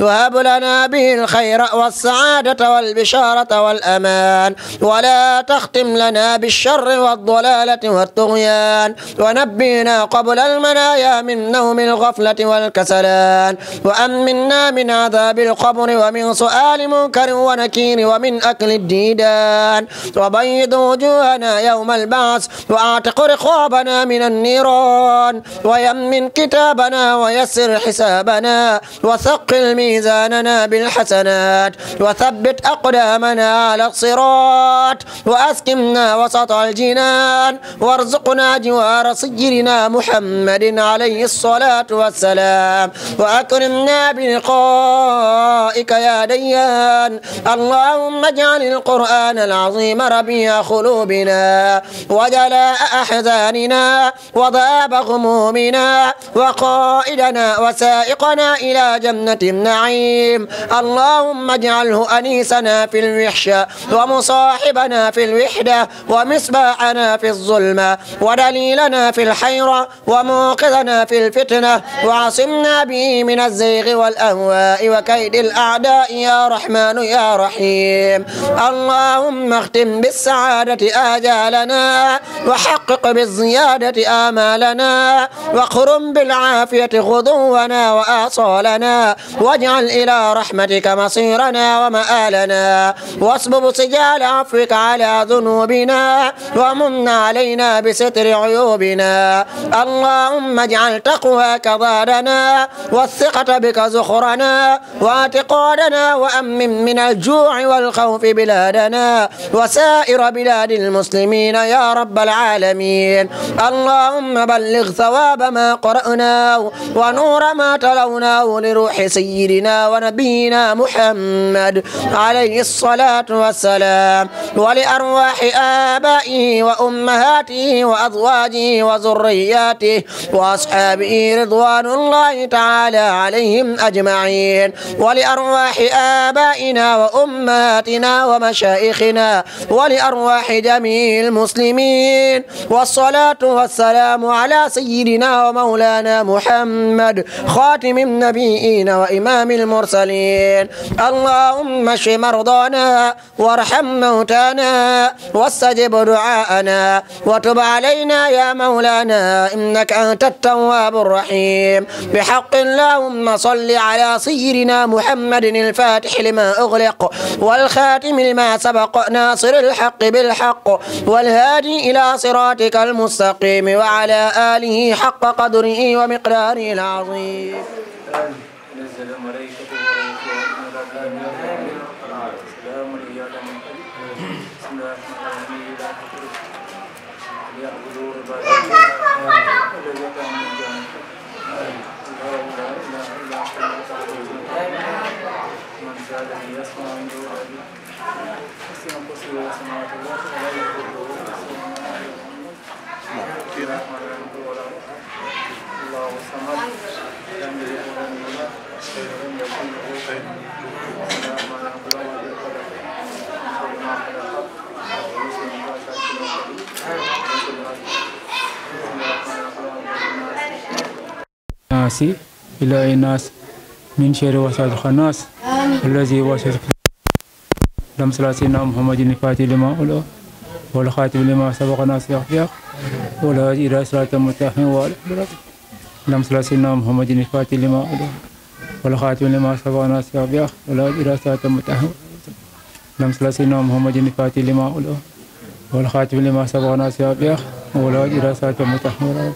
وهب لنا به الخير والسعادة والبشارة والأمان ولا تختم لنا بالشر والضلالة والطغيان ونبينا قبل المنايا من نوم الغفلة والكسلان وأمنا من عذاب القبر ومن سؤال منكر ونكير ومن أكل الديدان وبيض وجوهنا يوم البعث وأعتق رقابنا من النيران ويمن كتابنا ويسر حسابنا وثقل ميزاننا بالحسنات وثبت أقدامنا على الصراط وأسكمنا وسط الجنان وارزقنا جوار سيدنا محمد عليه الصلاة والسلام وأكرمنا بلقائك يا ديان اللهم اجعل القرآن العظيم ربيع قلوبنا وجلاء أحزاننا وذاب غمومنا وقائدنا وسائقنا إلى جنة النار النعيم اللهم اجعله أنيسنا في الوحشة ومصاحبنا في الوحدة ومصباحنا في الظلمة ودليلنا في الحيرة وموقظنا في الفتنة وعصمنا به من الزيغ والأهواء وكيد الأعداء يا رحمن يا رحيم اللهم اختم بالسعادة آجالنا وحقق بالزيادة آمالنا واقرم بالعافية غضونا وآصالنا و واجعل إلى رحمتك مصيرنا ومآلنا واصبب سجال عفوك على ذنوبنا ومن علينا بستر عيوبنا اللهم اجعل تقواك ضادنا والثقة بك زخرنا واعتقادنا وأمن من الجوع والخوف بلادنا وسائر بلاد المسلمين يا رب العالمين اللهم بلغ ثواب ما قرأناه ونور ما تلوناه لروح سيدنا سيدنا ونبينا محمد عليه الصلاة والسلام ولأرواح آبائه وأمهاته وأزواجه وذرياته وأصحابه رضوان الله تعالى عليهم أجمعين ولأرواح آبائنا وأمهاتنا ومشايخنا ولأرواح جميع المسلمين والصلاة والسلام على سيدنا ومولانا محمد خاتم النبيين وإمام إمام المرسلين اللهم اشف مرضانا وارحم موتانا واستجب دعاءنا وتب علينا يا مولانا إنك أنت التواب الرحيم بحق اللهم صل على سيدنا محمد الفاتح لما أغلق والخاتم لما سبق ناصر الحق بالحق والهادي إلى صراطك المستقيم وعلى آله حق قدره ومقداره العظيم الناس إلى الناس من شر وساد خناس الذي وسوس دم سلاسينا محمد الفاتح لما أولو والخاتم لما سبق ناس يحيق ولا إلى صراط متهم ولا دم سلاسينا محمد الفاتح لما أولو والخاتم لما سبق ناس يحيق ولا إلى صراط متهم دم سلاسينا محمد الفاتح لما أولو والخاتم لما سبق ناس يحيق ولا إلى صراط متهم ولا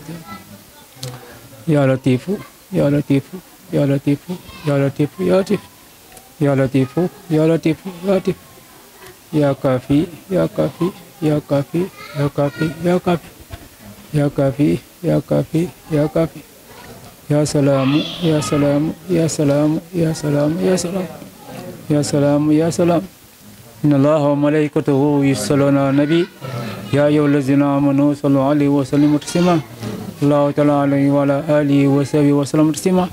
يا لطيف يا لطيف يا لطيف يا لطيف يا لطيف يا لطيف يا لطيف يا لطيف يا كافي يا كافي يا كافي يا كافي يا كافي يا كافي يا كافي يا كافي يا سلام يا سلام يا سلام يا سلام يا سلام يا سلام يا سلام إن الله وملائكته يصلون على النبي يا أيها الذين آمنوا صلوا عليه وسلموا تسليما sallallahu taala alayhi wa ala alihi wa sahbihi wa sallam taslima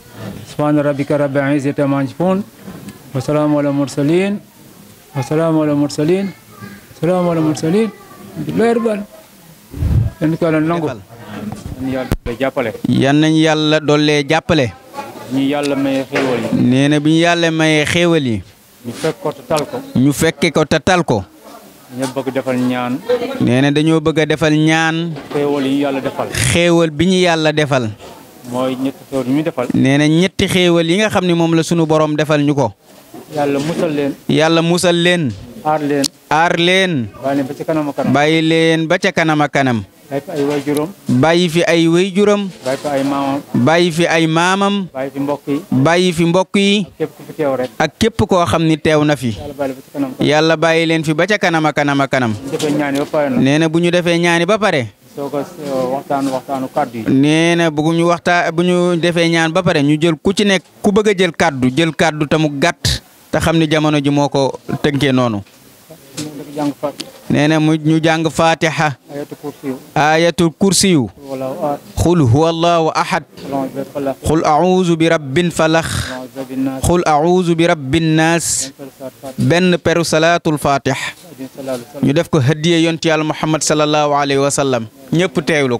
subhana rabbika rabbil izzati amma yasifun wa salamun ala mursalin wa salamun ala mursalin salamun ala mursalin leer bal yan ko lan nangu yan nañ yàlla dollee jàppale ñu yàlla maye xéewal yi nee na bi ñu yàlla maye xéewal yi ñu fekke ko te tal ko ñu fekke ko te tal ko dañoo bëgg defal ñaan. nee na dañoo bëgg a defal ñaan. xéewal yi ñu xéewal bi ñu yàlla defal. mooy ñetti xéewal yi defal. nee na ñetti xéewal yi nga xam ni moom la sunu boroom defal ñu ko. yàlla musal leen. yàlla musal leen. aar leen. aar leen. bàyyi leen ba ca kanam ba ca kanam kanam. bàyyi fi ay waajuram. bàyyi fi ay waajuram. bàyyi fi ay maamam. bàyyi fi ay maamam. bàyyi mbokk bàyyi fi mbokk yi. ak képp ku ak képp koo xam ni teew na fi. yàlla bàyyi leen fi ba ca kanam a kanam a nee na bu ñu defee ñaani ba pare. soo ko euh, waxtaanu kàddu yi. na bu ñu waxtaan bu ñu defee ñaan ba pare ñu jël ku ci nekk ku bëgg a jël kàddu jël kàddu tamu gàtt te xam ni jamono ji moo ko tënkee noonu. nee mu ñu jàng fatiha ayatul kursiyu xul huwa allahu ahad xul auzu bi rabbin falax xul auzu bi rabbin naas benn peru salaatul fatih ñu def ko hadiya yonti yàlla muhammad salallahu alayhi wa sallam ñëpp teewlu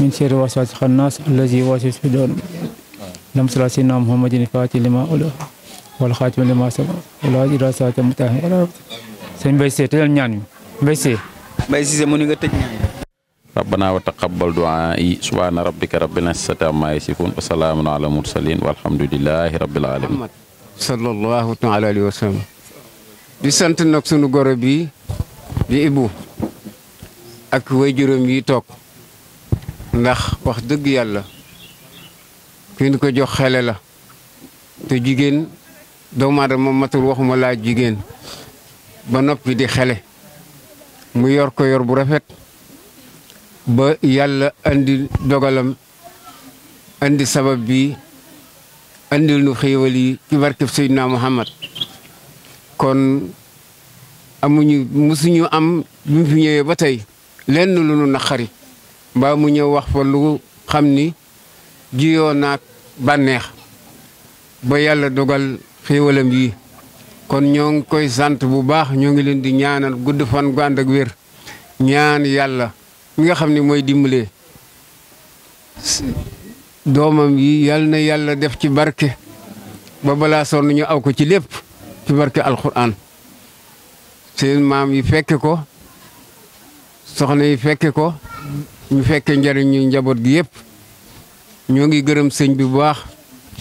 من شر وسواس الخناس الذي يوسوس في صدور اللهم صل على سيدنا محمد الفاتح لما أغلق والخاتم لما سبق والهادي إلى صراط المستقيم sëñ Mbaye Cissé tëjal ñaan yi Mbaye Cissé Mbaye Cissé mu ni nga tëj ñaan yi rabbana wa taqabbal du'a yi subhana rabbika rabbil izzati amma yasifun wa salaamun ala mursalin walhamdulillahi rabbil alamin sallallahu taala alayhi wa sallam di sant nag sunu goro bi di Ibou ak way juróom yi toog ndax wax dëgg yàlla ki ko jox xele la te jigéen doomu aadama matul waxuma laa jigéen ba noppi di xele mu yor ko yor bu rafet ba yàlla indi dogalam indi sabab bi andil nu xéewal yi ci barkeb Seydina Muhammad kon amuñu musuñu am bi mu fi ñëwee ba tey lenn lu nu naqari mbaa mu ñëw wax fa lu xam ni jiyoo naag bànneex ba yàlla dogal xéewalam yi kon ñoo ngi koy sant bu baax ñoo ngi leen di ñaanal gudd fan gu ànd wér ñaan yàlla mi nga xam ni mooy dimbalee doomam yi yàlla na yàlla def ci barke ba balaa sonn ñu aw ko ci lépp ci barke alxuraan seen maam yi fekke ko soxna yi fekke ko ñu fekkee njëriñu njaboot gi yëpp ñoo ngi gërëm sëñ bu baax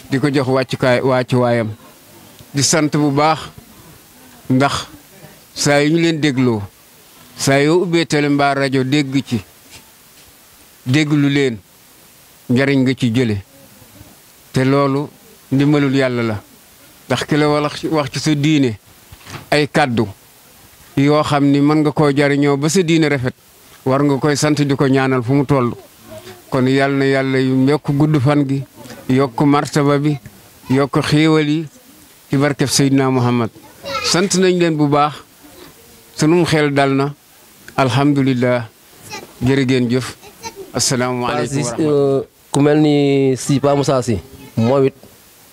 di ko jox wàccukaay wàccuwaayam di sant bu baax ndax saa yu ñu leen dégloo saa yoo ubbee télé mbaa rajo dégg ci déglu leen njariñ nga ci jële te loolu ndimbalul yàlla la ndax ki la wala wax ci sa diine ay kàddu yoo xam ni mën nga koo jariñoo ba sa diine rafet war nga koy sant di ko ñaanal fu mu toll kon yàlla na yàlla yokk gudd fan gi yokk martaba bi yokk xéewal yi ci barkeb Seydina Muhammad sant nañ leen bu baax sunum xel dal na alhamdulilah jërë jëf asalaamaaleykum wa euh, ku mel ni si Pa si moom it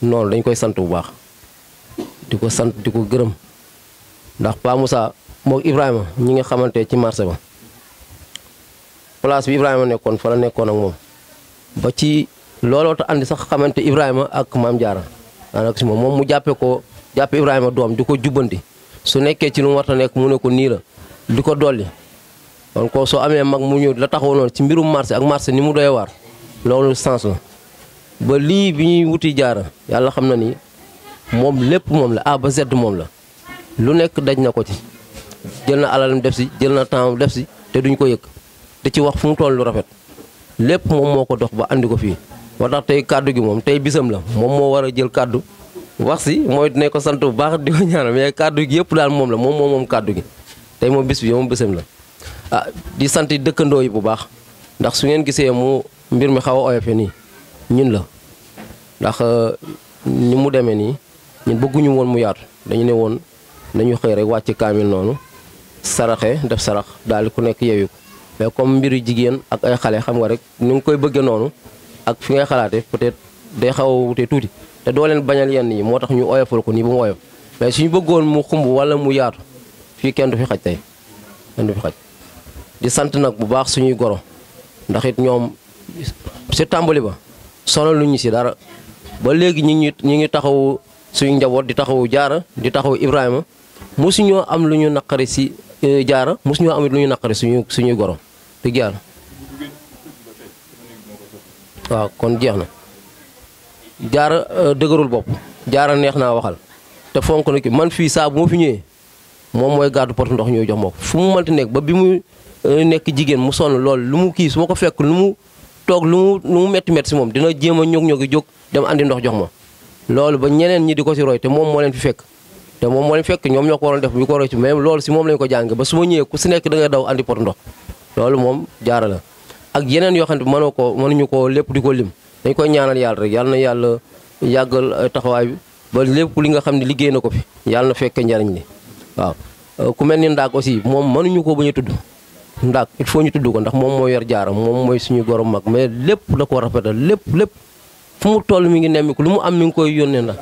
noonu dañ koy sant bu baax di ko sant di ko gërëm ndax Pa Moussa moog Ibrahima ñi nga xamante ci marché ba place bi Ibrahima nekkoon fa la moom ba ci looloo ta sax xamante Ibrahima ak maam Jaara daanaka si moom mu jàppee ko jàppee doom di ko jubbanti su nekkee ci lu mu nekk mu ne ko nii la di ko dolli kon soo amee mag mu ñëw la taxaw noonu ci mbirum marché ak marché ni mu doy waar loolu sens la ba lii bi ñuy wuti jaara yàlla xam na ni moom lépp moom la A ba Z moom la lu nekk daj na ko ci jël na alalam def si jël na temps def si te duñ ko yëg di ci wax fu mu toll lu rafet lépp moom moo ko dox ba àndi ko fii moo tax tey kàddu gi moom tey bisam la moom moo war a jël kàddu wax si mooy ne ko sant bu baax di ko ñaanal mais kàddu gi yëpp daal moom la moom moom moom kàddu gi tey moo bis bi moom bisam la ah di sant dëkkandoo yi bu baax ndax su ngeen gisee mu mbir mi xaw a oyofe nii ñun la ndax euh, ni mu demee nii ñun bëgguñu woon mu yaatu dañu ne woon nañu xëy rek wàcc kaamil noonu saraxe def sarax daal ku nekk yeewu mais comme mbiru jigéen ak ay xale xam nga rek ni nga koy bëggee noonu ak fi ngay xalaatee peut-être day xaw a wute tuuti te doo leen bañal yenn yi moo tax ñu oyofal ko nii bu mu oyof mais suñu bëggoon mu xumb wala mu yaatu fii kenn du fi xaj tey kenn di sant nag bu baax suñuy goro ndax it ñoom si tàmbali ba sonal lu si dara ba léegi ñu ngi ñu ngi taxaw suñu njaboot di taxaw jaara di taxaw Ibrahima mosuñoo am lu ñu naqari si eh, jaara mosuñoo am lu ñu naqari suñu suñuy goro dëgg yàlla waaw kon jeex na jaara euh, dëgërul bopp jaara neex naa waxal te fonk na ki man fii saa bu ma fi ñëwee moom mooy gàddu porte ndox ñooy jox ma fu mu mënti nekk ba bi mu euh, nekk jigéen mu sonn lool lu mu kii su ko fekk lu mu toog lu mu lu mu métti métti si moom dina jéem a ñog-ñogi jóg dem andi ndox jox ma loolu ba ñeneen ñi di ko si roy te moom moo leen fi fekk te moom moo leen fekk ñoom ñoo ko waroon def bu ko roy ci même loolu si moom lañu ko jànge ba su ma ku si nekk da loolu moom jaara la ak yeneen yoo xam ne mënoo ko mënuñu ko lépp di ko lim dañ koy ñaanal yàlla rek yàlla na yàlla yàggal euh, taxawaay bi ba lépp li nga xam ne liggéey na ko fi yàlla na fekke njariñ li waaw euh, ku mel ni ndaak aussi moom mënuñu ko bañ ñu tudd ndax il faut ñu tudd ko ndax moom moo yor jaaram moom mooy suñu gorom mag mais lépp da ko rafetal lépp lépp fu mu toll mi ngi nemmiku lu mu am mi ngi koy yónnee na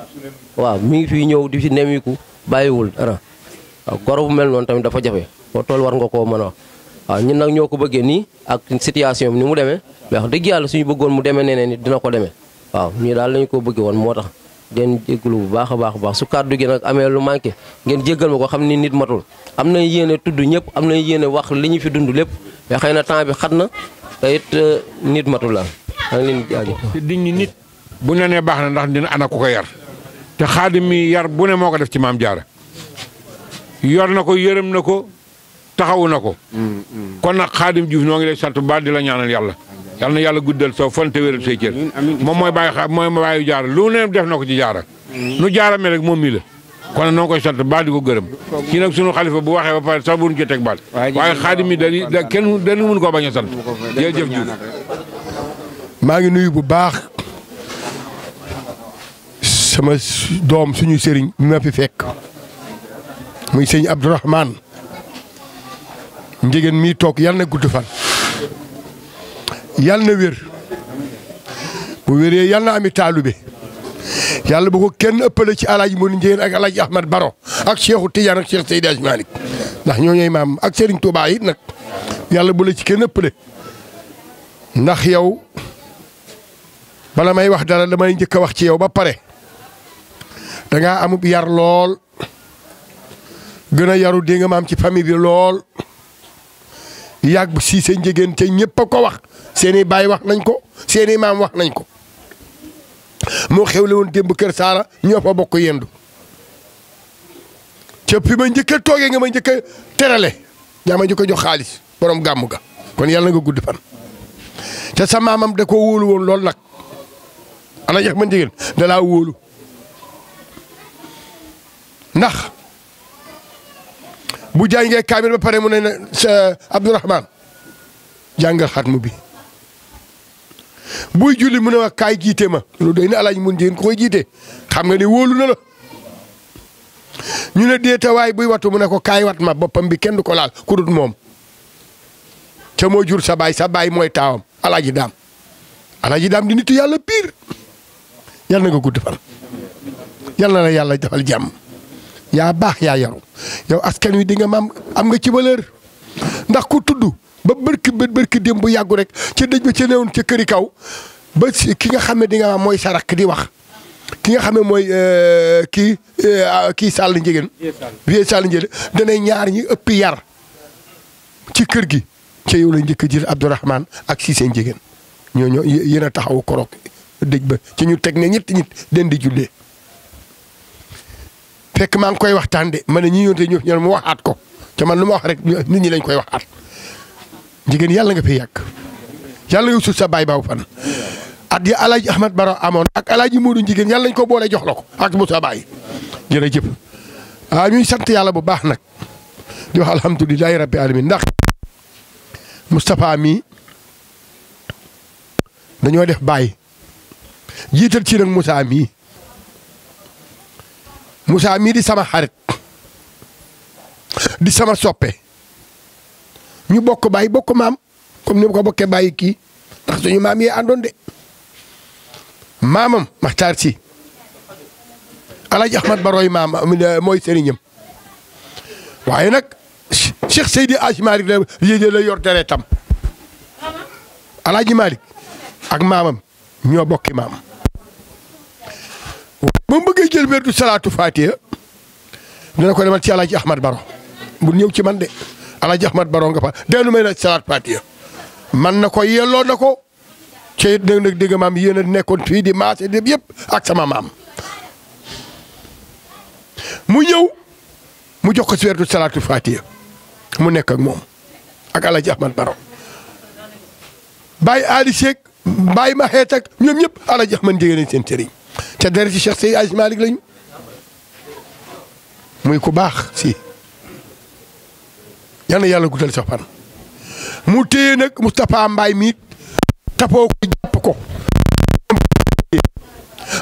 waaw mi ngi fi ñëw di fi nemmiku bàyyiwul dara waaw goro bu mel noonu tamit dafa jafe boo toll war nga koo mën a wax waaw ñun nag ñoo ko bëggee nii ak situation bi ni mu demee mais wax dëgg yàlla suñu bëggoon mu demee neneen ni dina ko demee waaw ñii daal lañu ko bëggee woon moo tax den jégalu bu baax a baax a baax su kàddu gi nag amee lu manqué ngeen jéggal ma ko xam ni nit matul am nañ yéene tudd ñëpp am nañ yéene wax li ñu fi dund lépp mais xëy na temps bi xat na te it euh, nit matul la da nga leen di ñu nit bu ne nee baax na ndax dina ana ku ko yar te xaadim mi yar bu ne moo ko def ci maam jaara yor taxawu na ko. Mm, mm. kon nag Xaadim Diouf ñoo ngi lay sant bu baax di la ñaanal yàlla. yal na yàlla guddal soo fan te wéral say cër. moom mooy bàyyi xa mooy bàyyi jaara lu ne def na ko ci jaara. Mm. nu jaara mel rek moom mii la. kon noo ngi koy sant baa di ko gërëm. kii nag sunu xalifa bu waxee ba pare sax bu nu ci teg baat. waaye Xaadim mi dañuy da kenn dañu mun koo bañ a sant. jërëjëf Diouf. maa ngi nuyu bu baax sama doom suñu sëriñ bi ma fi fekk muy sëñ Abdourahmane njigéen mii toog yal na gudd fan yal na wér bu wéree yal na ami taalube yàlla bu ko kenn ëppale ci alaaji Modou Ndiéguène ak alaaji Ahmad Baro ak Cheikhu Tidiane ak Cheikh Seydi Hadji ndax ñoo ñooy maam ak Serigne Touba it nag yàlla bu la ci kenn ëppale ndax yow bala may wax dara damay njëkk a wax ci yow ba pare danga amub yar lool gën a yaru dégg maam ci famille bi lool yàgg si sa njëgeen ca ñëpp a ko wax seeni baay wax nañ ko seeni i maam wax nañ ko moo xewle woon démb kër saara ñoo fa bokk yendu ca fi ma njëkk a toogee nga ma njëkk a terale yaa ma njëkk a jox xaalis borom gàmm ga kon yàlla nga gudd fan te sa maamam de ko wóolu woon loolu nag ana yax ma njëgeen da wóolu ndax bu jàngee kaamil ba pare mu ne Abdourahman jàngal xatmu bi buy julli mu ne wax kaay jiite ma loolu day na alaaji mun jigéen ko koy jiite xam nga ne wóolu na la ñu ne déetawaay buy watu mu ne ko kaay wat ma boppam bi kenn du ko laal ku dut moom ca moo jur sa baay sa baay mooy taawam alaaji daam alaaji daam di nitu yàlla piir yàlla na nga gudd fan yàlla la yàlla defal jàmm yaa baax yaa yaru yow askan wi di nga maam am nga ci valeur ndax ku tudd ba bërki ba bërki bu yàggu rek ca dëj ba ca newoon ca këri kaw ba ki nga xam ne di mooy sarak di wax ki nga xam ne mooy euh, kii euh, kii Sall Njëgeen vie Sall Njëgeen danay ñaar ñi ëpp yar ci kër gi ca yow la njëkk a jël Abdourahmane ak Cissé Njëgeen ñoo ñoo yéen a taxaw korook dëj ba ci ñu teg ne ñetti nit den di jullee fekk maa ngi koy waxtaan de ma ne ñi yoonte ñu ñoom mu waxaat ko te man lu ma wax rek nit ñi lañ koy at jigéen yàlla nga fi yàgg yàlla nga sut sa baay baaw fan at ya alaaji ahmad baro amoon ak alaaji moodu jigéen yàlla nañ ko boole jox la ko ak Moussa Baye jërëjëf ah ñuy sant yàlla bu baax nag di wax alhamdulilahi rabbi alamin ndax Moustapha mii dañoo def baay jiital ci nag Moussa mii Moussa mii di sama xarit di sama soppe ñu bokk baay bokk maam comme ni ma ko bokkee bàyyi kii ndax suñu maam yee àndoon de maamam Maxtaar si Alaaji Ahmad Baroy maam mooy sëriñam waaye nag Cheikh Seydi Aji Malick la la yor deretam Alaaji Malick ak maamam ñoo bokki maam. ba mu bëggee jël werdu salaatu faatiha ñu ne ko demal ci alaaji Ahmad Baro bu ñëw ci man de alaaji Ahmad Baro nga fa deenu may na salaatu faatiha man na ko yelloo na ko ci dégg nag dégg maam yéen nekkoon fii di maase di yëpp ak sama maam mu ñëw mu jox ko si werdu salaatu faatiha mu nekk ak moom ak alaaji Ahmad Baro bàyyi aali seeg bàyyi ma xeet ak ñoom ñëpp alaaji Ahmad jege nañ seen sëriñ te dereti Cheikh Seydi Hadji Malick lañu muy ku baax si yal yàlla guddal sax fan mu téye nag Moustapha Mbaye miit tapoo ko jàpp ko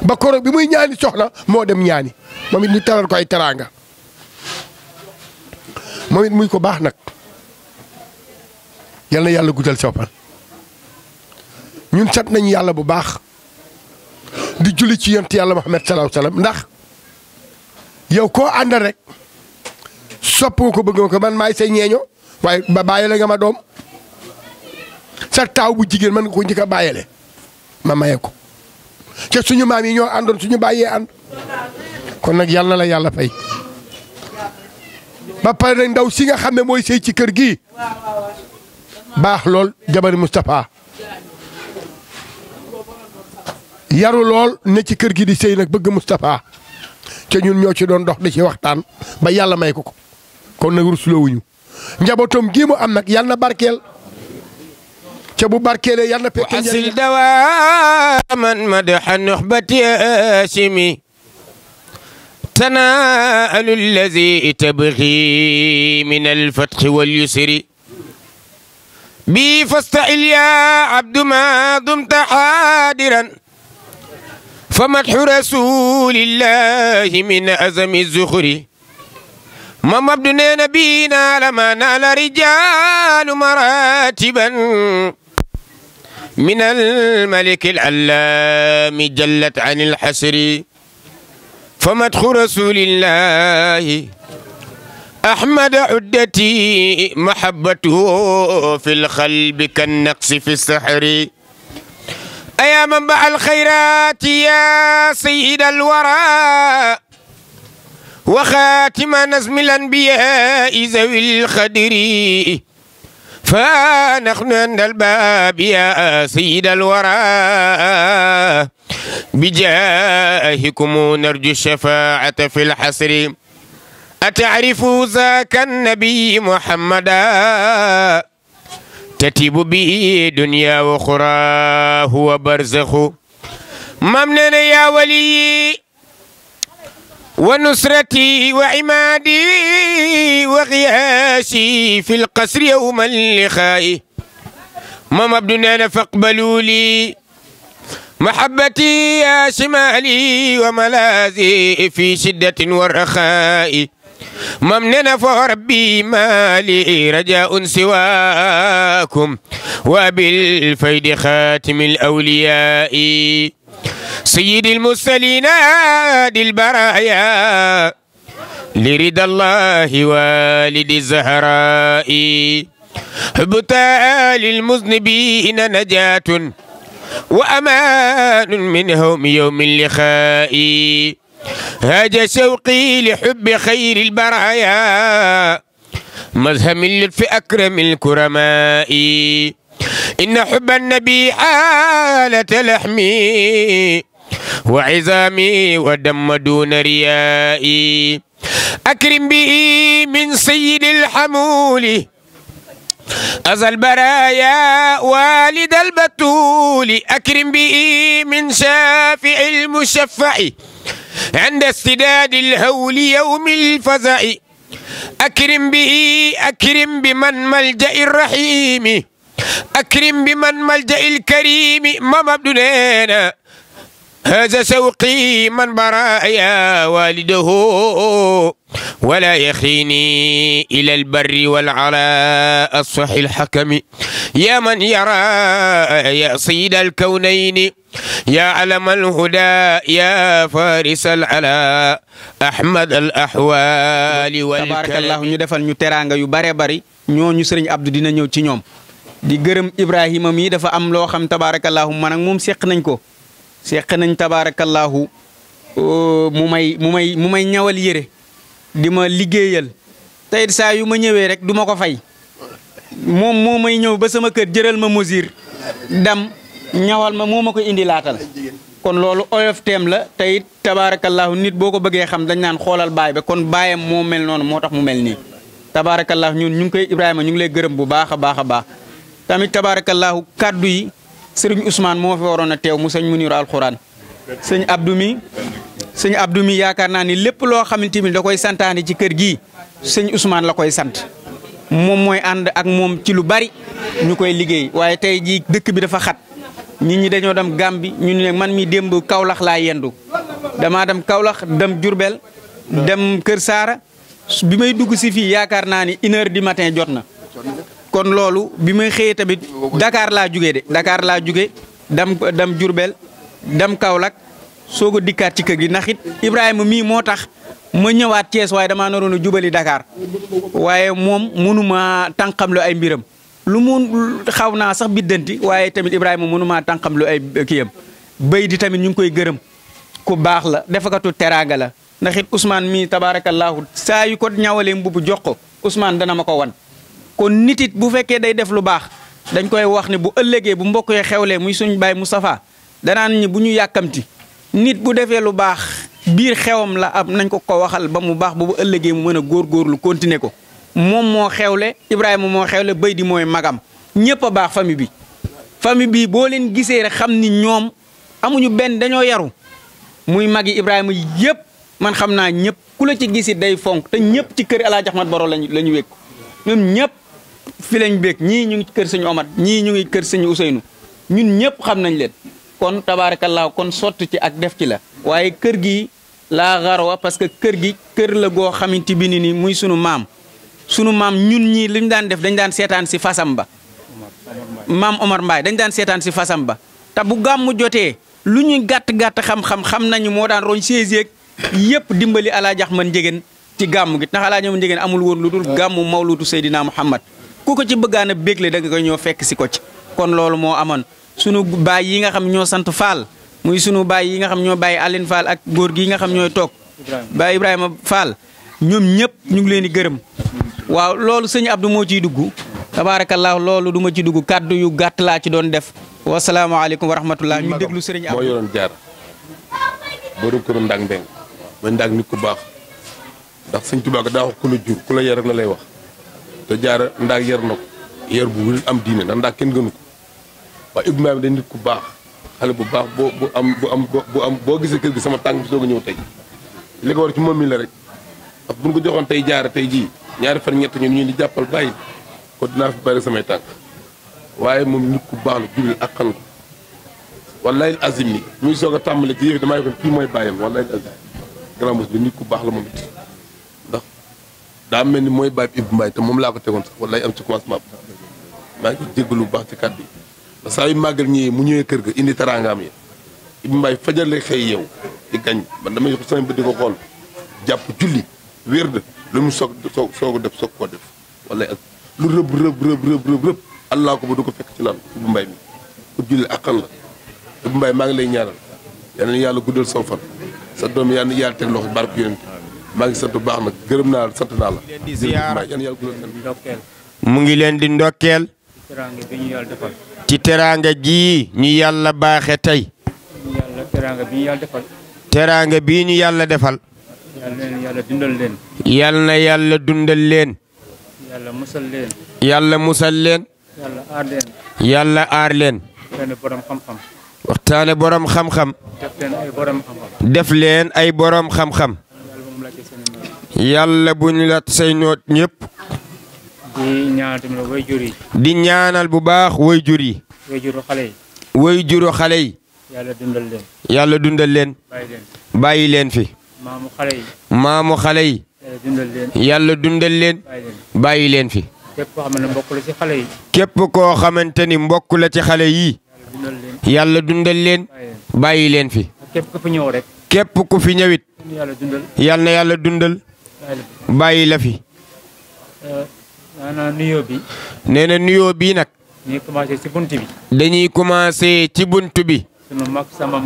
ba koroog bi muy ñaani soxna moo dem ñaani moom it ñu taral ko ay teraanga moom it muy ko baax nag yal na yàlla guddal sax fan ñun sat nañu yàlla bu baax di julli ci yonent yàlla Muhammad salaahu salaam ndax yow koo àndal rek sopp nga ko bëgg nga ko man maay say ñeeño waaye ba bàyyale nga ma doom sa taaw bu jigéen man nga ko njëkk a bàyyale ma maye ko te suñu maam yi ñoo àndoon suñu bàyyee ànd kon nag yàlla la yàlla fay ba pare nag ndaw si nga xam ne mooy sëy ci kër gi baax lool jabari Moustapha yaru lool ne ci kër gi di sëy nag bëgg Moustapha ca ñun ñoo ci doon dox di ci waxtaan ba yàlla may ko ko kon nag ruslowuñu njabootam gii mu am nag yal na barkeel ca bu barkeelee yal na fekk asil dawaaman madaxa nuxbati asimi tanaalu allazi tabgi min alfatxi walyusri bi fasta'il ya abdu ma dumta xaadiran fa matxu rasulillahi min azami zuxuri mam abdu nee na bii naa la ma naa la rijaalu maratiban min almalik alallaami jallat an alxasri fa matxu rasulillahi ahmada uddati mahabbatuhu fi lxalbi kannaqsi fi saxri أيا منبع الخيرات يا سيد الورى وخاتم نزم الأنبياء ذوي الخدر فنحن عند الباب يا سيد الورى بجاهكم نرجو الشفاعة في الحسر أتعرف ذاك النبي محمدا تتيب به دنيا وخرى هو برزخ ممنن يا ولي ونصرتي وعمادي وغياسي في القصر يوم اللقاء مام عبدنا فاقبلوا لي محبتي يا شمالي وملاذي في شدة والرخاء moom nee na fa rabbi maali rajaun siwaakum wa bil faydi xaatimil awliyaai sayyidil mursaliina dil baraaya li ridallahi waalidi zahraai hubbu taalil muznibiina najaatun wa amaanun min hawmi yawmi lixaa'i هاج شوقي لحب خير البرايا مزهم اللطف أكرم الكرماء إن حب النبي حالة لحمي وعظامي ودم دون ريائي أكرم به من سيد الحمول أزى البرايا والد البتول أكرم به من شافع المشفع عند استداد الهول يوم الفزع أكرم به أكرم بمن ملجأ الرحيم أكرم بمن ملجأ الكريم ما مبدنا هذا سوقي من برايا والده ولا يخيني إلى البر والعلاء الصح الحكم يا من يرى يا صيد الكونين يا علم الهدى يا فارس العلا أحمد الأحوال والكلام تبارك الله ñu defal ñu teraanga yu bare bari ñooñu sëriñ Abdou dina ñëw ci ñoom di gërëm Ibrahima mii dafa am loo xam tabaarakallaahu man ak moom seq nañ ko seq nañ tabaarakallaahu euh, mu may mu may mu may ñawal yére di ma liggéeyal tey saa yu ma ñëwee rek du ma ko fay moom moo may ñëw ba sama kër jëral ma mesure dam ñawal ma moo ma ko indi laatal kon loolu oyof teem la teyit tabaarakallaahu nit boo ko bëggee xam dañ naan xoolal baay ba kon baayam moo mel noonu moo tax mu mel nii tabaarakallaahu ñun ñu ngi koy Ibrahima ñu ngi lay gërëm bu baax a baax a baax tamit tabaarakallaahu kàddu yi sëriñ usmaan moo fi waroon a teew mu sëñ Muniru alxuraan sëñ Abdou mi sëñ Abdou mi yaakaar naa ni lépp loo xamante ni da koy santaane ci kër gii sëñ usmaan la koy sant moom mooy ànd ak moom ci lu bari ñu koy liggéey waaye tey jii dëkk bi dafa xat. nit ñi dañoo dem Gàmbi ñu ne man mi démb Kaolack laa yendu damaa dem Kaolack dem Diourbel dem Kër Saara bi may dugg si fii yaakaar naa ni une heure du matin jot na kon loolu bi may xëyee tamit dakaar laa jugee de Dakar laa jugee dem dem Diourbel dem Kaolack soo ko dikkaat ci kër gi ndax it Ibrahima mii moo tax ma ñëwaat Thiès waaye damaa naroon a jubali dakaar waaye moom mënuma tànqamlu ay mbiram lu mu xaw naa sax biddanti waaye tamit Ibrahima mënumaa tànqam lu ay kiyam béy di tamit ñu ngi koy gërëm ku baax la defakatu teraaga la ndaxit it mii tabaarakallaahu saa yu ko ñawalee mbubu jox ko Ousmane dana ma ko wan. kon nit bu fekkee day def lu baax dañ koy wax ne bu ëllëgee bu mbokk yi xewlee muy suñ baay safaa danaan ñi bu ñu yàkkamti nit bu defee lu baax biir xewam la ab nañ ko ko waxal ba mu baax ba bu ëllëgee mu mën a góorgóorlu continuer ko. moom moo xewle Ibrahima moo xewle bay di mooy magam ñëpp a baax famille bi famille bi boo leen gisee rek xam ni ñoom amuñu benn dañoo yaru muy magi Ibrahima yëpp man xam naa ñëpp ku la ci gisi day fonk te ñëpp ci kër Alaaji Ahmad Baro lañu la ñu wékk ñoom ñëpp fi lañ béeg ñii ñu ngi kër sëñ Omar ñii ñu ngi kër sëñ Ousseynou ñun ñëpp xam nañ leen kon tabaarakallaa kon sotti ci ak def ci la waaye kër gi laa xarwa parce que kër gi kër la goo xamante bi ni muy sunu maam sunu maam ñun ñii li ñu daan def dañ daan seetaan si fasam ba maam Omar Mbaye dañ daan seetaan si fasam ba te bu gàmmu jotee lu ñuy gàtt gàtt xam-xam nañu moo daan roñ séeseeg yëpp dimbali alaajax man njegeen ci gàmm gi ndax alaajax man njegéen amul woon lu dul gàmmu mawludu Seydina Muhammad ku ko ci bëggaan a bégle da koy ñëw fekk si ko ci kon loolu moo amoon sunu baay yi nga xam ñoo sant Fall muy sunu baay yi nga xam ñoo bàyyi Aline Fall ak góor gi nga xam ñooy toog baay Ibrahima Fall ñoom ñëpp ñu ngi leen di gërëm waaw loolu sëñ du moo ciy dugg tabaarakallaahu loolu duma ma ci dugg kàddu yu gàtt laa ci doon def wasalaamaaleykum wa rahmatullah ñu déglu sëriñ Abdou moo yoroon jaar borom këru Ndak Mbeng ma Ndak nit ku baax ndax sëñ Tuubaa daa wax ku la jur ku la yar la lay wax te jaar Ndak yar na ko yar bu wul am diine ndax Ndak kenn gënu ko waaye Ibrahima da nit ku baax xale bu baax boo bu am bu am boo gisee kër gi sama tànk bi soog a li ko war ci moom mi rek ndax buñ ko joxoon tey jaara tey jii ñaari fan ñett ñun ñu di jàppal bàyyi ko dinaa fi bari samay tànk waaye moom nit ku baax la jubil ak xam ko wallahi azim ni muy soog a tàmbali ci yëf damay ko kii mooy bàyyam wallahi azim grand bés bi ku baax la moom it ndax daa mel ni mooy bàyyi Ibou Mbaye te moom laa ko tegoon sax wallahi am ci commencement bi maa ngi jéggalu lu baax ci kàddu yi ndax saa yu màggal ñëwee mu ñëwee kër ga indi taraangaam yi Ibou Mbaye fajal la xëy yow di gañ man damay sama ko xool jàpp julli wird lu mu soog soog soog def soog koo def wala ak lu rëb rëb rëb allah ko ba du ko fekk ci lan bu mbay mi pour julli akal la bu mbay maa ngi lay ñaanal yal na yàlla guddal saw fan sa doom yal na yàlla teg loxo barke yonent maa ngi sant bu baax nag gërëm naa la sant naa la. mu ngi leen di ndokkeel. ci teraanga ji ñu yàlla baaxe tey. teraanga bi ñu yàlla ñu yàlla defal. yal na yàlla dundal leen. yal na yàlla dundal leen. yàlla musal leen. yàlla musal leen. yàlla aar leen. yàlla aar leen. waxtaane borom xam-xam. def leen ay borom xam-xam. def leen ay borom ñëpp. di ñaanal yi. di ñaanal bu baax way jur yi. way juru xale yi. way dundal leen. yàlla leen fi. maamu xale yi. maamu xale yi. yàlla dundal leen. yàlla leen. bàyyi leen fi. képp koo xamante ne mbokk la ci xale yi. képp koo xamante ni mbokk la ci xale yi. yàlla dundal leen. bàyyi leen fi. képp ku fi ñëw rek. képp ku fi ñëwit. yal na yàlla dundal. bàyyi la fi. maanaam eh, nuyoo bi. nee na nuyoo bii nag. dañuy commencé ci bunt bi. dañuy commencé ci bunt bi. suñu mag Samba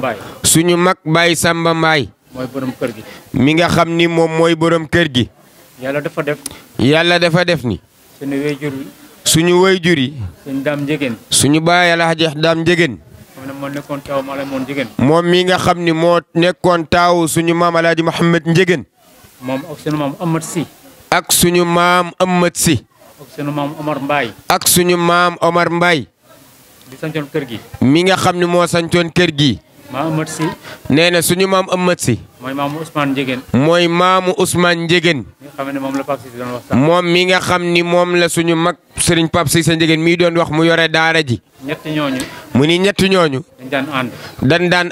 suñu mag Baye Samba Mbaye. mooy borom kër gi. mi nga xam ni moom mooy borom kër gi. yàlla dafa def. yàlla dafa def ni. suñu wayjur yi. suñu wayjur yi. suñu daam njëgën. suñu baay yàlla xajeex daam njëgën. moom mi nga xam ni moo nekkoon taaw suñu maam Alaaji Mouhamed Njëgën. moom ak suñu maam Si. ak suñu maam Amat Si. ak suñu maam Omar Mbaye. suñu maam Omar Mbaye. mi nga xam ni moo sancoon kër gi. maam Amath si. nee na suñu maam Amath si. mooy maamu Ousmane Njegen. mooy maamu Ousmane Njegen. moom mii nga xam ni moom la suñu mag Serigne Pape Cissé Njegen mii doon wax mu yore daara ji. ñetti ñooñu. mu ni ñetti ñooñu. dañ daan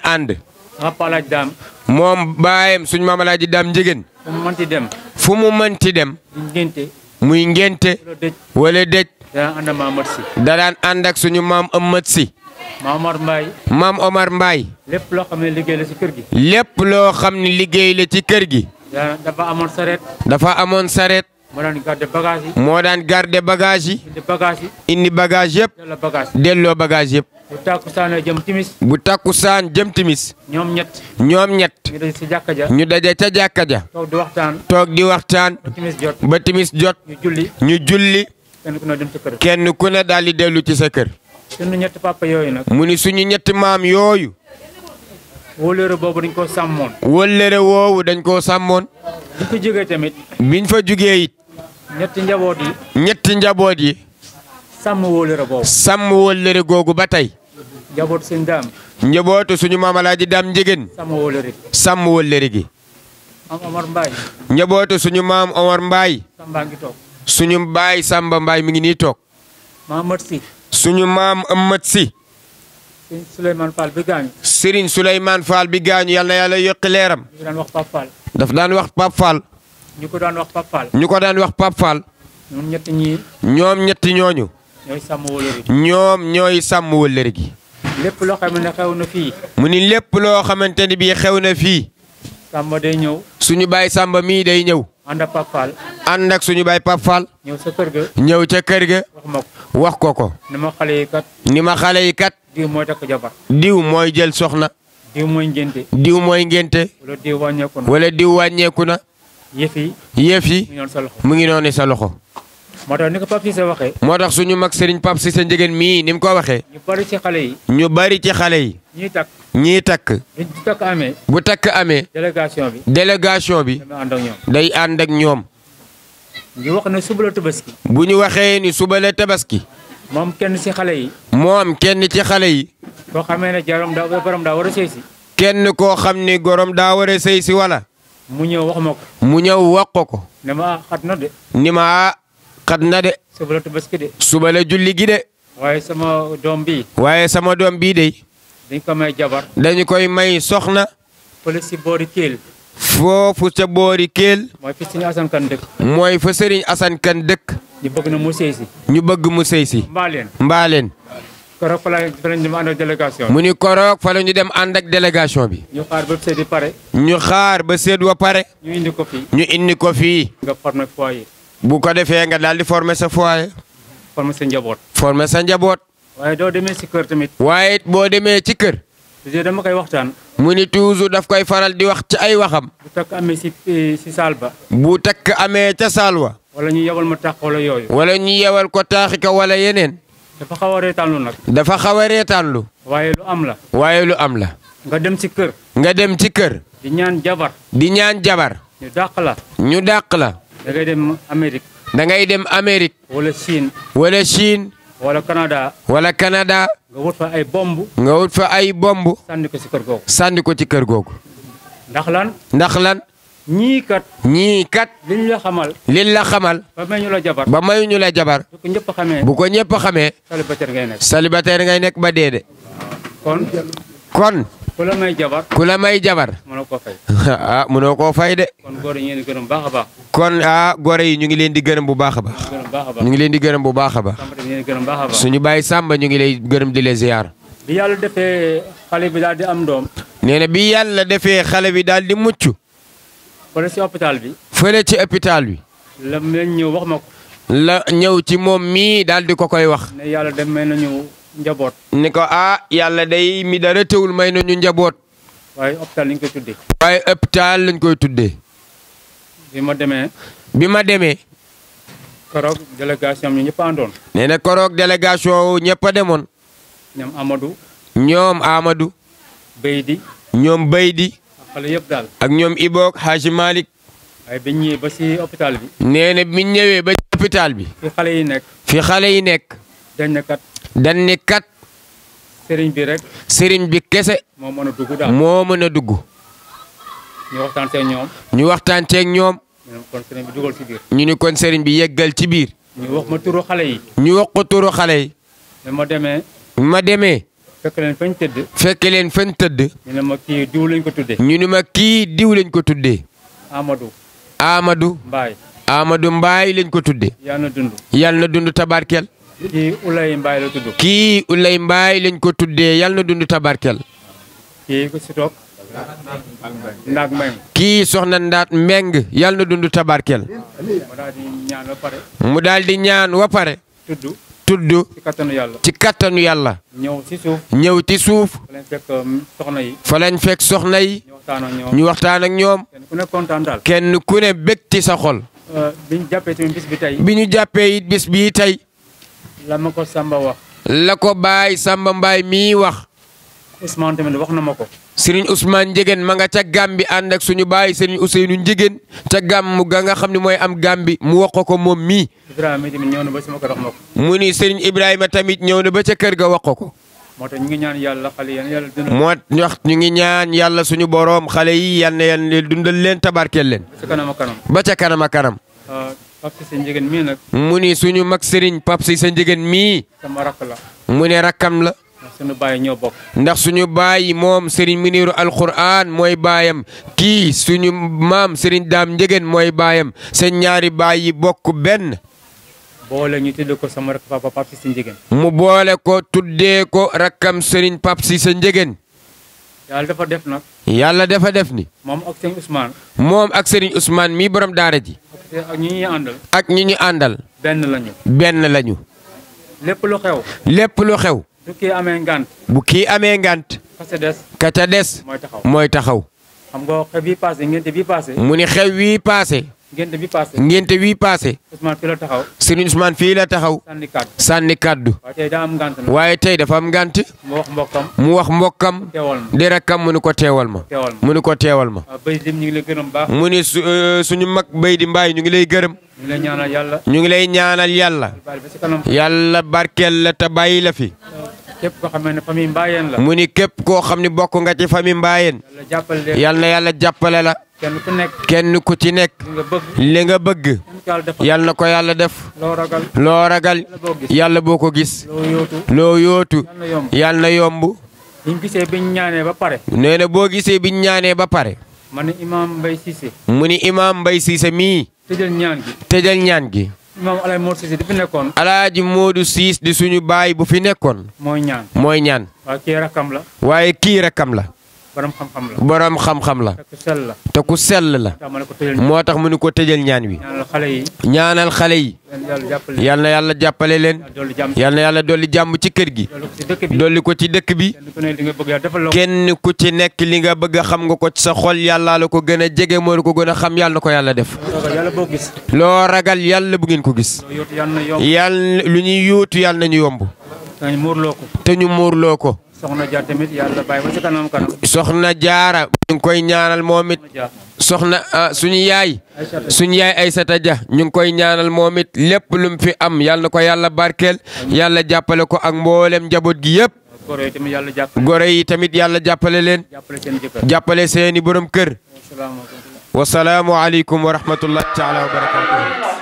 ànd. dañ daan moom baayam suñu maam Alaaji Daam Njegen. fu mu mënti dem. fu mu mënti dem. muy ngénte. wala dëj. da daan ànd ak suñu maam Amath si. maam Omar Mbaye. maam Omar Mbaye. lépp loo xam ne liggéey la ci kër gi. lépp loo xam ne liggéey kër gi. dafa amoon sareet. dafa amoon sareet. moo daan garder bagage moo daan garder bagage yi. indi bagage yi. indi bagage yëpp. delloo bagage delloo bagage yëpp. bu takkusaan jëm timis. bu takkusaan jëm timis. ñoom ñett. ñoom ñet ñu daje ca jàkka ñu daje ca jàkka ja. toog di waxtaan. toog di waxtaan. ba timis jot. ñu julli. ñu kenn ku ne daal di dellu ci sa kër. suñu ñetti yooyu nag. mu ni suñu ñetti maam yooyu. wóllëre boobu dañ koo sàmmoon. wóllëre woowu dañ koo sàmmoon. biñ fa tamit. biñ fa jógee ñetti njaboot yi. ñetti njaboot yi. sàmm wóllëre boobu. googu ba tey. njabootu suñu daam. suñu maam Alaaji Daam Njigéen. sàmm wóllëre gi. gi. maam njabootu suñu maam Omar Mbaay. Samba ngi toog. suñu mbaay Samba Mbaay mi ngi nii toog. suñu maam ëmmat si. Serigne Souleymane Fall bi gaañu. Serigne Souleymane Fall bi gaañu yal na yàlla leeram. daf daan wax Pape Fall. daf daan wax Pape ñu ko daan wax Pape Fall. ñu ko daan wax Pape Fall. ñoom ñetti ñii. ñooñu. ñooy sàmm wëllëri gi. ñoom ñooy sàmm wëllëri gi. loo xam ne xew na fii. mu ni lépp loo xamante ne bii xew na fii. Samba day ñëw. suñu baay Samba mii day ñëw. ànd ak Pape Fall. ak suñu baay Pape Fall. ñëw sa kër ga. ñëw ca kër ga. wax ma ko wax ko ko. ni ma xale yi kat. ma xale yi kat. diw mooy takk jabar. diw mooy jël soxna. diw mooy ngénte. diw mooy ngénte. wala diw wàññeeku na. wala diw wàññeeku na. yëf yi. yëf mu ngi noonu sa loxo. moo tax ni ko Pape Cissé waxee. moo tax suñu mag sëriñ Serigne si Cissé njëgën mii ni mu ko waxee. ñu bari ci xale yi. ñu bari ci xale yi. ñuy takk. ñii takk. bu takk amee. délégation bi. délégation bi. day ànd ak ñoom. ñu wax na suba la tabaski. bu ñu waxee ni suba tabaski. moom kenn ci xale yi. moom kenn ci xale yi. koo xamee ne jarom daa borom daa war a sëy kenn koo xam ni gorom daa war a sëy si wala. mu ñëw wax ma mu ñëw wax ko ko. ni ma ah, xat na de. ni ma ah, xat na de. suba la tabaski de. suba julli gi de. waaye sama doom bi waaye sama doom bii de. dañ ko may dañu koy may soxna. fële si boori Kelle. foofu ca boori Kelle. mooy fi Serigne Assane Kane dëkk. mooy fa Serigne Assane dëkk. ñu bëgg na mu sëy ñu bëgg mu sëy si. mbaaleen mbaaleen. koroog fa la ñu dem ànd ak mu ni koroog fa la ñu dem ànd ak délégation bi. ñu xaar ba seet ba pare. ñu xaar ba seet ba pare. ñu indi ko fii. ñu indi ko fii. nga former foyer. bu ko defee nga daal di former sa foyer. former sa njaboot. former sa njaboot. waaye doo demee ci kër tamit. waaye boo demee ci kër. dama koy waxtaan. mu ni toujours daf koy faral di wax ci ay waxam. bu takk amee ci eh, saal ba. bu takk amee ca saal wa. wala ñu yewal ma taax wala yooyu. wala ñu yewal ko taaxika wala yeneen. dafa xaw a reetaanlu nag. dafa xaw a reetaanlu. waaye lu am la. waaye lu am la. nga dem ci kër. nga dem ci kër. di ñaan jabar. di ñaan jabar. ñu dàq la. ñu dàq la. da ngay dem Amérique. da dem Amérique. wala Chine. wala Chine. wala Canada. wala Canada. nga wut fa ay bomb. nga wut fa ay bomb. sànni ko ci kër googu. sànni ko ci kër googu. ndax lan. ndax lan. ñii kat. ñii kat. liñ la xamal. liñ la xamal. ba mayuñu la jabar. ba mayuñu la jabar. bu ko ñëpp xamee. bu ko ñëpp xamee. célibataire ngay nekk. célibataire ngay nekk ba dee kon. kon. ku la may jabar. ku la may jabar. mënoo koo fay. Ah, mënoo koo fay de. kon góor yi ñu ngi leen di gërëm bu baax a baax. kon ah góor yi ñu ngi leen di gërëm bu baax a baax. ñu ngi leen di gërëm bu baax a baax. suñu bàyyi sàmba ñu ngi lay gërëm di la ziar. bi yàlla defee xale bi daal di am doom. nee na bi yàlla defee xale bi daal di mucc. fële ci hôpital bi. fële ci bi. la ñëw wax ma ko. ñëw ci moom mii dal di ko koy wax. ne yàlla demee nañu. njaboot. ni ko ah yàlla day mi dara teewul may ñu njaboot. waaye hôpital lañ koy tuddee. waaye hôpital lañ koy tuddee. bi ma demee. bi ma demee. Koroog délégation ñu ñëpp àndoon. nee na Koroog délégation ñëpp a demoon. ñoom Amadou. ñoom Amadou. Baydi. ñoom Baydi. ak yëpp ak ñoom Iboog Haji Malick. waaye bi ñëwee ba ci hôpital bi. nee na bi ñëwee ba ci hôpital bi. fi xale yi nekk. fi xale yi nekk. dañ dañ ne kat. sëriñ bi rek. sëriñ bi kese. moo mën a dugg moo mën a dugg. ñu waxtaan ceeg ñoom. ñu waxtaan ceeg ñoom. ñu ne kon sëriñ bi yeggal ci biir. ñu wax ma turu xale yi. ñu wax ko turu xale yi. ma demee. ma demee. fekk leen fañ tëdd. fekk leen fañ tëdd. ñu ne ma kii diw lañ ko tuddee. ñu ne ma kii diw lañ ko tuddee. Amadou. Amadou. Mbaay. Amadou Mbaay lañ ko tuddee. yal na dund. yal na dund tabaarkel. kii Ulay Mbaay la tudd. kii Ulay Mbaay lañ ko tuddee yàlla na dund tabarkel. kii soxna ndaat mbeng yàlla na dund tabarkeel mu daal di ñaan wa pare. mu tudd. tudd ci kattanu yàlla ci ñëw ci suuf ñëw ci suuf. fa lañ fekk um, soxna yi. fa fekk soxna yi. ñu waxtaan ak ñoom. kenn ku ne ci sa xol. Uh, ñu jàppee tamit bis la ma ko Samba wax. la ko baay Samba Mbaay mii wax. Ousmane tamit wax na ma ko. Serigne Ousmane Ndiéguène ma nga ca Gàmbi ànd ak suñu baay Serigne Ousseynou Ndiéguène ca gàmm ga nga xam ne mooy am Gàmbi mu wax ko ko moom mii. Ibrahima tamit na ba sama ma mu ni Serigne Ibrahima tamit ñëw na ba ca kër ga wax ko ko. moo tax ñu ngi ñaan yàlla xale yàlla dundal. moo ñu ngi ñaan yàlla suñu boroom xale yi yal na yàlla dundal leen tabarke leen. ca kanam kanam. ba ca kanam a kanam. Ah, mu ni suñu mag sëriñ Pape Sy sa njëgën mii. sama rakk la. mu ne rakkam la. ndax suñu baay ñoo ndax suñu baay moom sëriñ Muniru alquran mooy baayam kii suñu maam sëriñ daam njëgën mooy baayam seen ñaari baay yi bokk benn. boole ñu tuddee ko sama rakk papa Pape mu boole ko tuddee ko rakkam sëriñ Pape Sy sa njëgën. yàlla dafa def nag. yàlla dafa def ni. moom ak sëriñ Ousmane. moom ak sëriñ Ousmane mii borom daara ji. ak ñi ñuy àndal. ak ñi ñu àndal. benn lañu. benn lañu. lépp lu xew. lépp lu xew. bu kii ngant. bu kii amee ngant. ka ca des. ka ca des. mooy taxaw mooy taxaw. xam nga xew bii paase mu ni xew wi paase. ngénte bi paase. ngénte bi paase. Ousmane fii la taxaw. Serigne Ousmane fii la taxaw. sànni kaddu. sànni kaddu. waaye tey dafa am ngànt. mu wax mbokkam. mu wax mbokkam. teewal ma di mu ni ko teewal ma. mu ni ko teewal ma. mu ni su euh, suñu mag bay di mbaay ñu ngi lay gërëm. ñu ngi lay ñaanal yàlla. ñu ngi lay ñaanal yàlla. yàlla barkeel la te bàyyi la fi. képp koo xam ne famille mbaayeen la. mu ni képp koo xam ni bokk nga ci famille mbaayeen. yal na yàlla jàppale la. kenn ku nekk kenn ku ci nekk. li nga bëgg. yal na ko yàlla def. loo ragal yàlla boo ko gis. loo yootu yal na yomb. biñ gisee biñ ñaanee ba pare. nee boo gisee biñ ñaanee ba pare. ma ni mu ni imaam Mbaye Cissé mii. tëjal ñaan gi ñaan gi. imaam Alaaji Modou Cissé di fi nekkoon. Alaaji Modou di suñu baay bu fi nekkoon. mooy ñaan mooy ñaan. waaye kii rakkam la. waaye kii rakkam la. borom xam-xam la borom xam la. te ku sell la te ku sell moo tax mu ni ko tëjal ñaan wi. ñaanal xale yi. yal na yàlla jàppale leen. yal na yàlla dolli jàmm ci kër gi. dolli ko ci dëkk bi. kenn ku ci nekk li nga bëgg a xam nga ko ci sa xol yàlla la ko gën a jege moo la ko gën a xam yàlla ko yàlla def. loo ragal yàlla bu ngeen ko gis. yàlla lu ñuy yóotu yàlla nañu yomb. te ñu muurloo ko. soxna jaar tamit yàlla bàyyi ko ci kanam kanam. soxna jaara ñu ngi koy ñaanal moom it. soxna ah, suñu yaay. suñ yaay Aysata Ja ñu ngi koy ñaanal moom it lépp lu mu fi am yàlla ko yàlla barkel yàlla jàppale ko ak mboolem njaboot gi yëpp. gore yi tamit yàlla jàppale leen. jàppale seeni borom kër. wasalaamualeykum wa rahmatullahi taala wa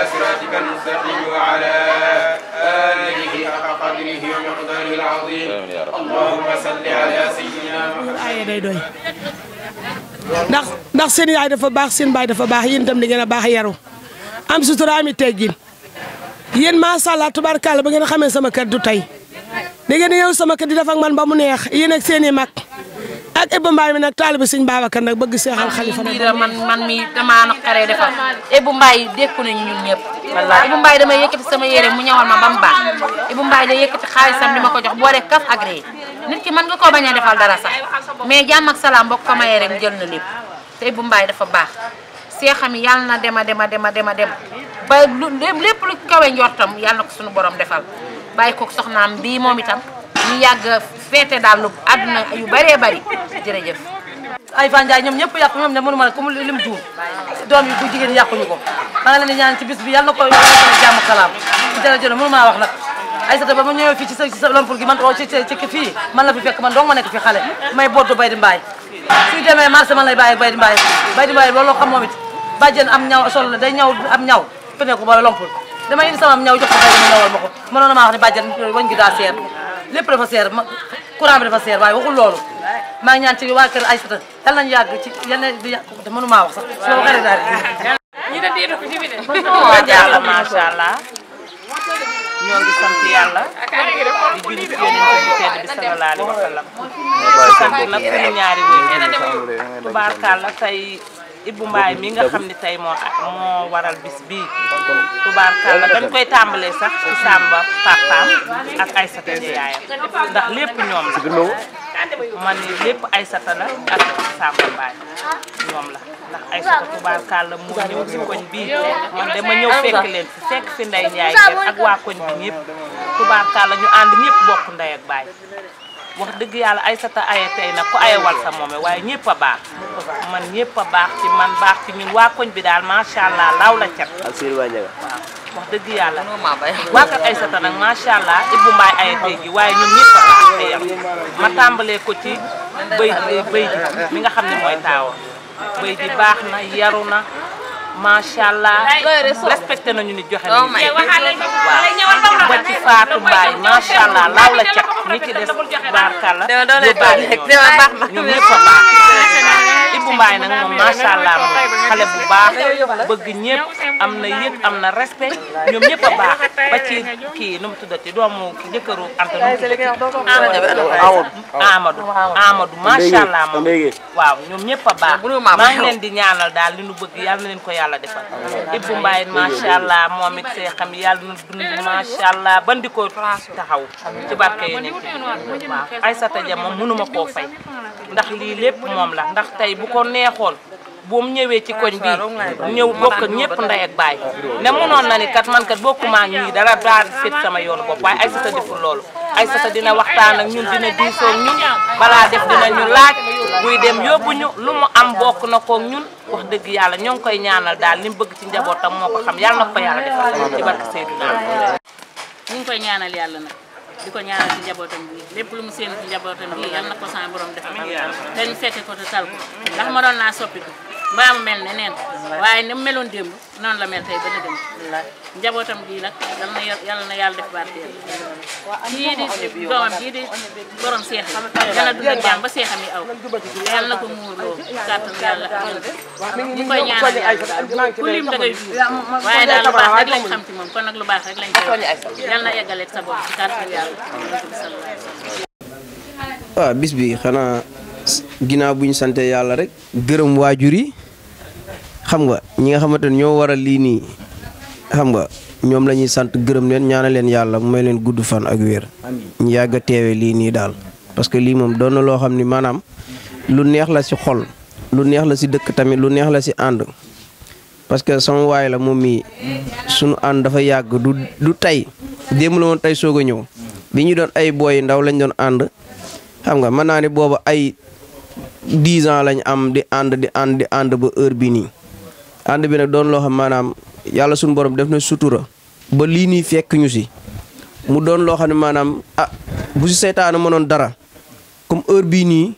إلى صراطك المستقيم وعلى آله حق قدره ومقداره العظيم اللهم صل على سيدنا محمد ndax ndax seen yaay dafa baax seen baay dafa baax yéen tam da gën a baax yaru am sutura ami teggin yéen macha allah tubaarkalla ba ngeen xamee sama kër du tey da ngeen a yow sama kër di def man ba mu neex yéen ak seen i ak Ibou Mbaye mi nag taalibe Sëñ Babacar nag bëgg seexal xalifa nag man man mi damaa naqaree defar Ibou Mbaye dékku nañu ñun ñëpp wallaahi Ibou Mbaye dama yëkkati sama yére mu ñawal ma ba mu baax Ibou Mbaye da yëkkati xaalisam di ma ko jox boole kaf ak nit ki mën koo bañ a defal dara sax mais jàmm ak salaam bokk ko mayee rek na lépp te Ibou dafa baax seexam yi yàlla na dema dema dema dema dem ba lu lépp lu kawe njortam yàlla na ko suñu borom defal bàyyi ko soxnaam bii moom itam ñu yàgg feete daal lu yu bëree bëri jërëjëf ay Van Ndiaye ñoom ñëpp yàqu ñoom de mënu ma ne ku mu lim juum doom yi bu jigéen yàquñu ko maa ngi leen di ñaan ci bis bi yàlla na ko jàmm salaam dara jël mënu maa wax nag ay sata ba ma ñëwee fii ci sa ci sa lompul gi man oo ci ci fii man la fi fekk man dong ma nekk fi xale may boddu bay di mbaay suy demee marché man lay bàyyi bay di mbaay bay di mbaay loolu xam moom it bàjjen am ñaw sol la day ñaw am ñaw fi nekk ba lompul damay indi sama am ñaw jox ko bay di ma ñawal ma ko mënoon na maa wax ne bàjjen wañ gi daa seer lépp dafa seer ma courant bi dafa seer waaye waxul loolu maa ngi ñaan ci waa kër Aïssata yal nañu yàgg ci yenn di yàgg te maa wax sax soo waxee daal ñi da dee ko de moo jàll macha allah ñoo ngi la yàlla di julli bi tedd bi sallallahu Ibou Mbaye mi nga xam ne tey moo moo waral bis bii la dañ koy tàmbalee sax ci Samba papaam ak ay di yaayam ndax lépp ñoom la man ni lépp Aysata la ak Samba Mbaye ñoom la ndax Aysata tubaarkàlla mu ñëw ci koñ bii man dama ñëw fekk leen fi fekk fi Ndey Njaay ak waa koñ bi ñëpp tubaarkàlla ñu ànd ñëpp bokk ndey ak baay wax dëgg yàlla ay sa ta aye tey nag ku ayewal moome waaye ñëpp a baax man ñëpp a baax ci man baax ci ñun waa koñ bi daal macha allah laaw la cat ak seen waa Njaga waaw wax dëgg yàlla waa kat ay sa ta nag macha allah Ibou ji waaye ñun ñëpp a baax te yam ma tàmbalee ko ci béy béy ji mi nga xam ne mooy taawa béy ji baax na yaru na macha allah respecté nañu ni joxe oh nañu waaw ba ci Fatou Mbaye macha allah laaw la cat ñi ci des barkalla. dama doon lay baax ñu ñëpp a bu mbaay nag moom macha allah xale bu baax bëgg ñëpp am na yëg am na respect ñoom ñëpp a baax ba ci kii nu mu tuddati doomu jëkkëru Anta nu mu tuddati allah moom waaw ñoom ñëpp a baax di ñaanal daal li bëgg yàlla na leen ko yàlla defal Ibou Mbaye macha allah xam yàlla na dund taxaw ci barke koo fay ndax lii lépp moom la ndax tey bu ko neexoon bu mu ñëwee ci koñ bii ñëw bokk ñëpp ndey ak baay ne mënoon na ni kat man kat bokkuma ak ñii dara daal seet sama yoonu bopp waaye Aysata deful loolu Aysata dina waxtaan ak ñun dina diisoo ak ñun balaa def dina ñu laaj buy dem yóbbu ñu lu mu am bokk na koog ñun wax dëgg yàlla ñoo ngi koy ñaanal daal li mu bëgg ci njabootam moo ko xam yàlla na ko yàlla defal ci barke Seydina di ko ñaanal ci njabootam bi lépp lu mu séen ci njabootam bi yal na ko sama borom defal dañ fekke ko te tal ko ndax ma doon naa soppiku mbaam mel ne neen waaye ni meloon démb noonu la mel tey ba démb njabootam gii yal na yàlla def barkeel kii di doomam kii di borom seex yal na dund ak jàmm ba seexam yi ko muurloo am ñu koy ñaanal yàlla ku lim da ngay waaye daal lu baax rek lañ xam ci moom kon nag lu baax rek lañ koy yal na eggaleeg sa bopp ci kàttan yàlla ah, bis bi xanaa ginnaaw bu ñu sante yàlla rek gërëm waajur yi xam nga ñi nga xamante ne ñoo waral lii nii xam nga ñoom lañuy sant gërëm leen ñaanal leen yàlla may leen gudd fan ak wér ñu yàgg a teewee lii nii daal parce que lii moom doon na loo xam ni maanaam lu neex la si xol lu neex la si dëkk tamit lu neex la si ànd parce que sama waaye la moom mii sunu ànd dafa yàgg du du tey démb la woon tey soog a ñëw bi ñu doon ay booy ndaw lañ doon ànd xam nga mën naa ne booba ay dix ans lañ am di ànd di ànd ànd ba heure bii nii ànd bi nag doon loo maanaam yàlla suñu borom def na sutura ba lii nii fekk ñu si mu doon loo xam ne maanaam ah bu si seytaane mënoon dara comme heure bii nii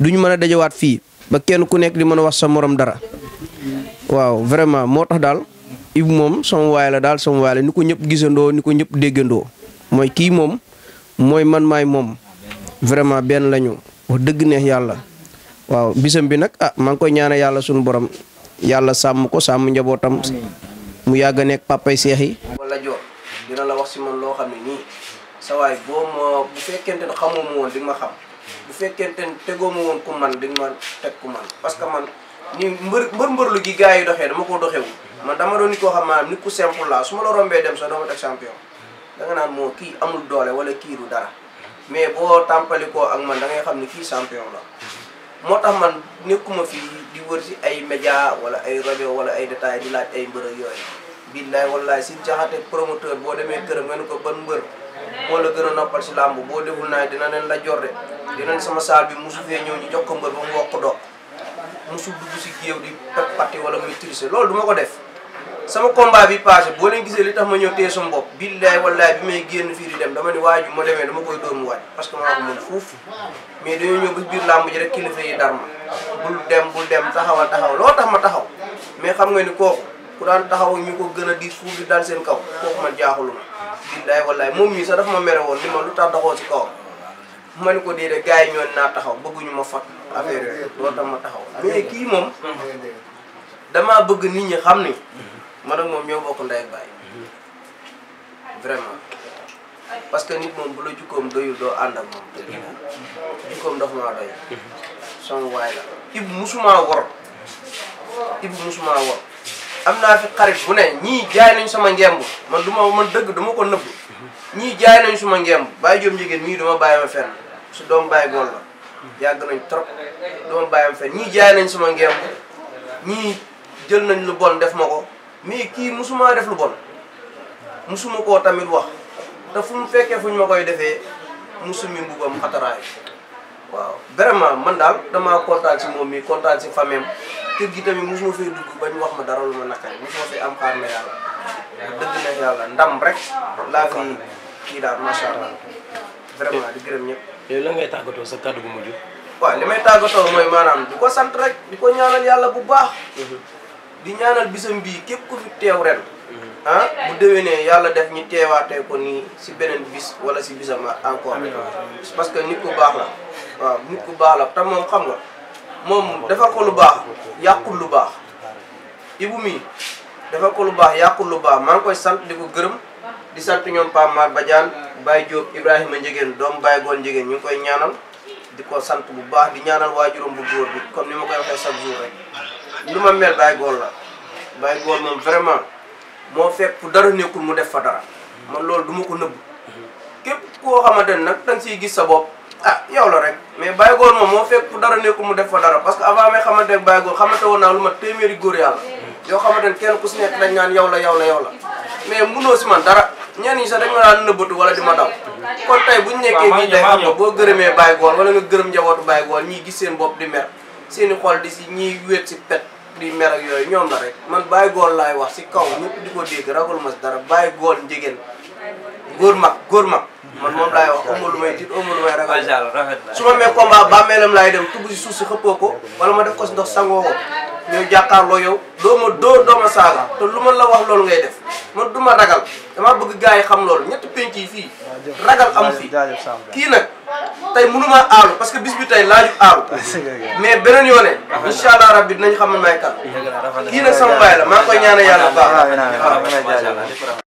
duñu mën a dajawaat fii ba kenn ku nekk di mën a wax sa morom dara waaw vraiment moo tax daal Ibou moom sama waay la daal sama waay la ni ko ñëpp gisandoo ni ko ñëpp déggandoo mooy kii moom mooy man maay moom vraiment benn lañu wax dëgg neex yàlla waaw bisam bi nag ah maa ngi koy ñaanal yàlla suñu borom yàlla sàmm ko sàmm njabootam mu yàgg a nekk papay seex yi wala joor dina la wax si man loo xam ne nii sa waay boo ma bu fekkente ne xamoo ma woon di ma xam bu fekkente ne tegoo woon ku man di ma teg ku man parce que man ni mbër mbër lu gi gars yi doxee dama ko doxewu man dama doon nit koo xam maanaam nit ku simple la su ma la rombee dem sax doo ma teg champion da nga naan moo kii amul doole wala kii du dara mais boo tàmpali koo ak man da ngay xam ne kii champion la moo tax man nekkuma fii di wër si ay média wala ay rajo wala ay détail di laaj ay mbër ak yooyu. billaay wallaay si jaxate promoteur boo demee këram nga ne ko ban mbër moo la gën a noppal si làmb boo deful naay dina leen la jorde dina sama saal bi mosu fee ñëw ñu jox ko mbër ba mu wokk doog mosu dugg si géew di pat pati wala muy tricher loolu duma ko def. sama combat bi passé boo leen gisee li tax ma ñëw téye sama bopp billaay wallaay bi may génn fii dem dama ni waaju ma demee dama koy dóomu waaj parce que maa ko mën foofu mais dañoo ñëw ba biir làmb ji rek kilifa yi dar ma bul dem bul dem taxawal taxaw loo tax ma taxaw mais xam nga ni kooku ku daan taxaw ñu ko gën a diis fuuf di kaw kooku man jaaxuluma billaay wallaay moom mii sax ma mere woon ni ma lu tax si kawam ma ne ko déedéet gars yi ñoo naa taxaw bëgguñu ma fat affaire yooyu loo tax ma taxaw mais kii moom damaa bëgg nit ñi xam ni man ak moom ñoo bokk ndey ak baay parce que nit moom bu la jukkoom doyul doo ànd ak moom jukkoom dafa maa doy sama waay la ibu musumaa wor ibu musumaa wor am naa fi xarit bu ne ñii jaay nañ sama ngemb man du ma man dëgg dama ko nëbb ñii jaay nañ suma ngemb bàyyi joom jigéen mii duma bàyyi ma fenn su doom bàyyi goon la yàgg nañ trop duma bàyyi ma fenn ñii jaay nañ sama ngemb ñii jël nañ lu bon def ma ko mais kii musuma def lu bon musuma koo tamit wax te fu mu fekkee fu ñu ma koy defee musumi mbubam xataraay waaw vraiment man daal dama kontaan si moom mi kontaan si famem kër gi tamit musuma fee dugg bañ wax ma dara lu ma naqari musuma fee am xaar na yàlla dëgg na yàlla ndam rek laa fi kii daal macha allah di gërëm ñëpp. yooyu la ngay tàggatoo sa kàddu bu mujj. waaw li may tàggatoo mooy maanaam di ko sant rek di ko ñaanal yàlla bu baax. Mhm. di ñaanal bisam bii képp ku fi teew ren ah bu ne yàlla def ñu teewaatee ko nii si beneen bis wala si bisam encore parce que nit ku baax la waaw nit ku baax la te moom xam nga moom dafa ko lu baax yàqul lu baax Ibou mii dafa ko lu baax yàqul lu baax maa koy sant di ko gërëm di sant ñoom ba Mar baay Baye Diop Ibrahima Njegéen doomu baay Gool Njegéen ñu ngi koy ñaanal di ko sant bu baax di ñaanal waajuram bu góor bi comme ni ma koy waxee rek lu ma mel bàyyi la bàyyi góor moom vraiment moo fekk fu dara nekkul mu def fa dara man loolu du ma ko nëbb képp koo xamante nag danga siy gis sa bopp ah yow la rek mais bàyyi góor moom moo fekk fu dara nekkul mu def fa dara parce que avant may xamante ne bàyyi góor xamante woon naa lu ma téeméeri góor yàlla yoo xamante kenn ku si nekk dañ naan yow la yow la yow la mais munoo si man dara ñenn ñi sax dañ ma daan nëbbatu wala di ma daw kon tey buñu nekkee nii day xam boo gërëmee bàyyi góor wala gërëm njabootu bàyyi góor ñii gis seen bopp di mer seen i xool di mer ak yooyu ñoom la rek man Baye Gol laay wax si kaw ñëpp di ko dégg ragul ma dara Baye Gol njigéen góor mag góor mag man moom laay wax amul lu may tiit amul lu may ragal. su ma mee combat bàmmeelam laay dem tubb si suuf si xëppoo ko wala ma def ko si ndox sangoo ko ñëw jàkkaarloo yow doo ma doo doo ma saaga te lu ma la wax loolu ngay def man du ma ragal damaa bëgg gaa yi xam loolu ñetti penc yi fii ragal am fi kii nag tey mënumaa aalu parce que bis bi tey laaju aalu mais beneen yoo ne incha allah rabbi dinañ xam ne may kan kii nag sama baay la maa koy ñaanal yàlla